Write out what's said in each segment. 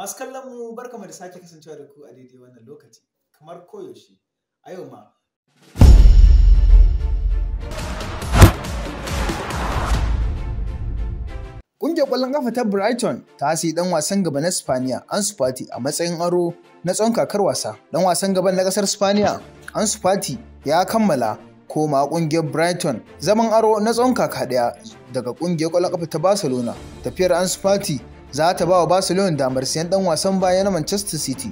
Masu kallon mu barkamu da sake kasancewa da ku a daidai wannan lokaci kamar koyaushe a yau ma. Ƙungiyar ƙwallon ƙafa ta Brighton ta hasi ɗan wasan gaba na Spaniya Ansu Fati a matsayin aro na tsawon kakar wasa. Ɗan wasan gaban na ƙasar Spaniya Ansu Fati ya kammala koma ƙungiyar Brighton zaman aro na tsawon kaka ɗaya daga ƙungiyar ƙwallon kafa ta Barcelona. Tafiyar Ansu Fati za ta ba wa Barcelona damar siyan dan wasan baya na Manchester City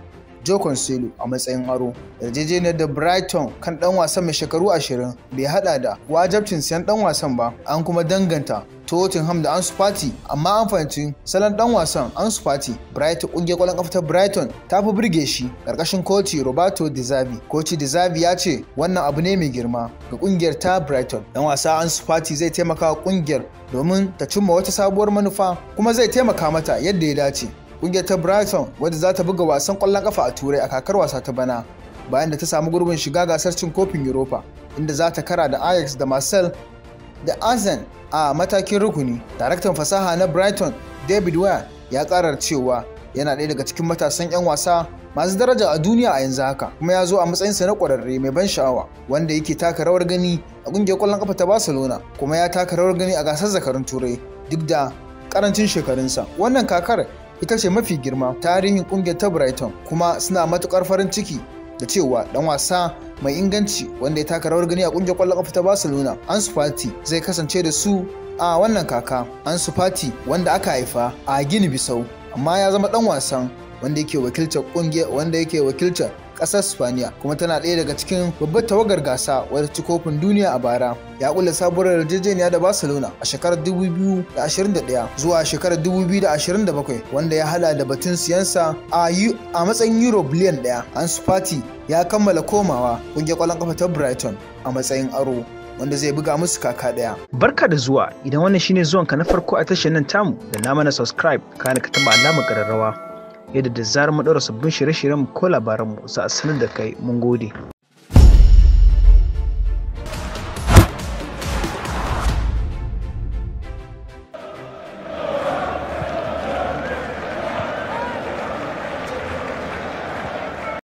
Joe Cancelo a matsayin aro. Yarjejeniyar da Brighton kan ɗan wasan mai shekaru ashirin bai hada da wajabcin siyan ɗan wasan ba, an kuma danganta Tottenham da Ansu Fati amma an fahimci salon dan wasan Ansu Fati Brighton kungiyar kwallon kafa ta Brighton ta fi burge shi karkashin koci Roberto De Zerbi koci De Zerbi ya ce wannan abu ne mai girma ga kungiyar ta Brighton dan wasa Ansu Fati zai taimaka wa kungiyar domin ta cimma wata sabuwar manufa kuma zai taimaka mata yadda ya dace Ƙungiyar ta Brighton wadda za ta buga wasan kwallon kafa a Turai a kakar wasa ta bana bayan da ta samu gurbin shiga gasar cin kofin Europa inda za ta kara da Ajax da Marcel da Azen a matakin rukuni. Daraktan fasaha na Brighton David Ware ya karar cewa yana ɗaya daga cikin matasan 'yan wasa masu daraja a duniya a yanzu haka kuma ya zo a matsayinsa na ƙwararre mai ban sha'awa wanda yake taka rawar gani a ƙungiyar ƙwallon ƙafa ta Barcelona kuma ya taka rawar gani a gasar zakarun Turai duk da ƙarancin shekarunsa. Wannan kakar ita ce mafi girma tarihin kungiyar ta Brighton kuma suna matukar farin ciki da cewa dan wasa mai inganci wanda ya taka rawar gani a kungiyar kwallon kafa ta Barcelona Ansu Fati zai kasance da su a wannan kaka Ansu Fati wanda aka haifa a Gini Bisau amma ya zama dan wasan wanda yake wakilcar kungiya wanda yake wakiltar kasar Spaniya kuma tana ɗaya daga cikin babbar tawagar gasa wadda ci kofin duniya a bara. Ya kula sabuwar yarjejeniya da Barcelona a shekarar 2021 zuwa shekarar 2027 wanda ya hada da batun siyansa a matsayin Euro biliyan ɗaya. Ansu Fati ya kammala komawa kungiyar kwallon kafa ta Brighton a matsayin aro. wanda zai buga musu kaka ɗaya. Barka da zuwa idan wannan shine ka na farko a tashar nan tamu da na mana subscribe kana ka taba alamar kararrawa yadda da zarar mu ɗaura sabbin shirye-shiryen ko labaranmu za a sanar da kai mun gode